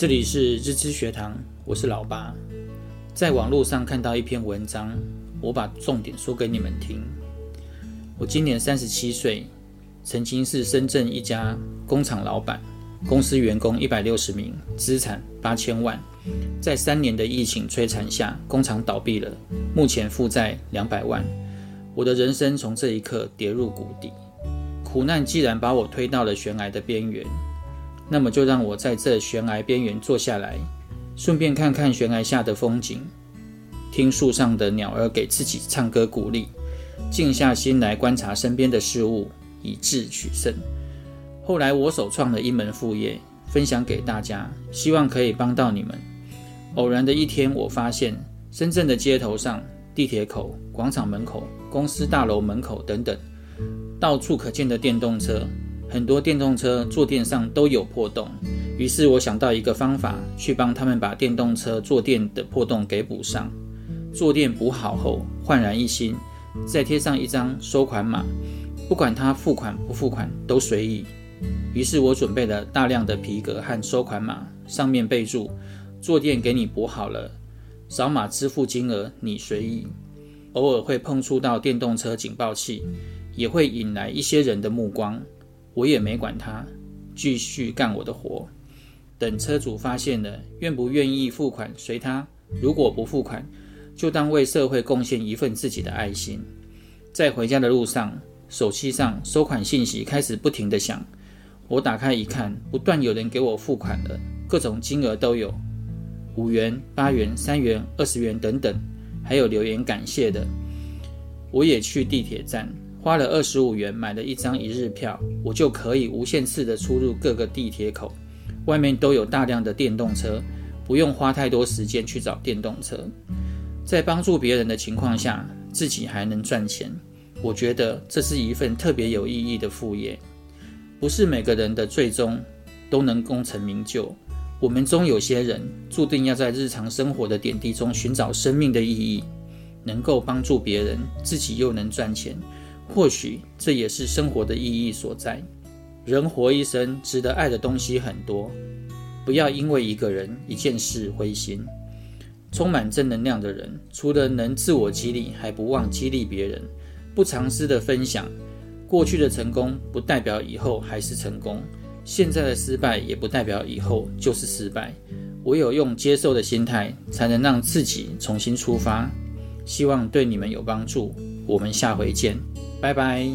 這裡是日知學堂，我是老八。在網絡上看到一篇文章，我把重點說給你們聽。我今年三十七歲，曾經是深圳一家工廠老板，公司員工一百六十名，資產八千萬。在三年的疫情摧殘下，工廠倒閉了，目前負債兩百萬。我的人生從這一刻跌入谷底，苦難既然把我推到了懸崖的邊緣。那麼就讓我在這懸崖邊緣坐下來，順便看看懸崖下的風景，聽樹上的鳥兒給自己唱歌鼓勵，靜下心來觀察身邊的事物，以智取勝。後來我首創了一門副業，分享給大家，希望可以幫到你們。偶然的一天，我發現深圳的街頭上、地鐵口、廣場門口、公司大樓門口等等，到處可見的電動車。很多電動車坐墊上都有破洞，於是我想到一個方法，去幫他們把電動車坐墊的破洞給補上。坐墊補好後煥然一新，再貼上一張收款碼，不管他付款不付款都隨意。於是我準備了大量的皮革和收款碼，上面備注：坐墊給你補好了，掃碼支付金額你隨意。偶爾會碰觸到電動車警報器，也會引來一些人的目光。我也沒管他，繼續幹我的活。等車主發現了，願不願意付款隨他。如果不付款，就當為社會貢獻一份自己的愛心。在回家的路上，手機上收款信息開始不停地響。我打開一看，不斷有人給我付款了，各種金額都有，五元、八元、三元、二十元等等，還有留言感謝的。我也去地鐵站。花了二十五元買了一張一日票，我就可以無限次的出入各個地鐵口。外面都有大量的電動車，不用花太多時間去找電動車。在幫助別人的情況下，自己還能賺錢。我覺得這是一份特別有意義的副業。不是每個人的最終都能功成名就。我們中有些人注定要在日常生活的點滴中尋找生命的意義。能夠幫助別人，自己又能賺錢。或許這也是生活的意義所在。人活一生，值得愛的東西很多，不要因為一個人，一件事灰心。充滿正能量的人，除了能自我激勵，還不忘激勵別人，不藏私的分享。過去的成功不代表以後還是成功，現在的失敗也不代表以後就是失敗。唯有用接受的心態，才能讓自己重新出發。希望對你們有幫助，我們下回見，拜拜。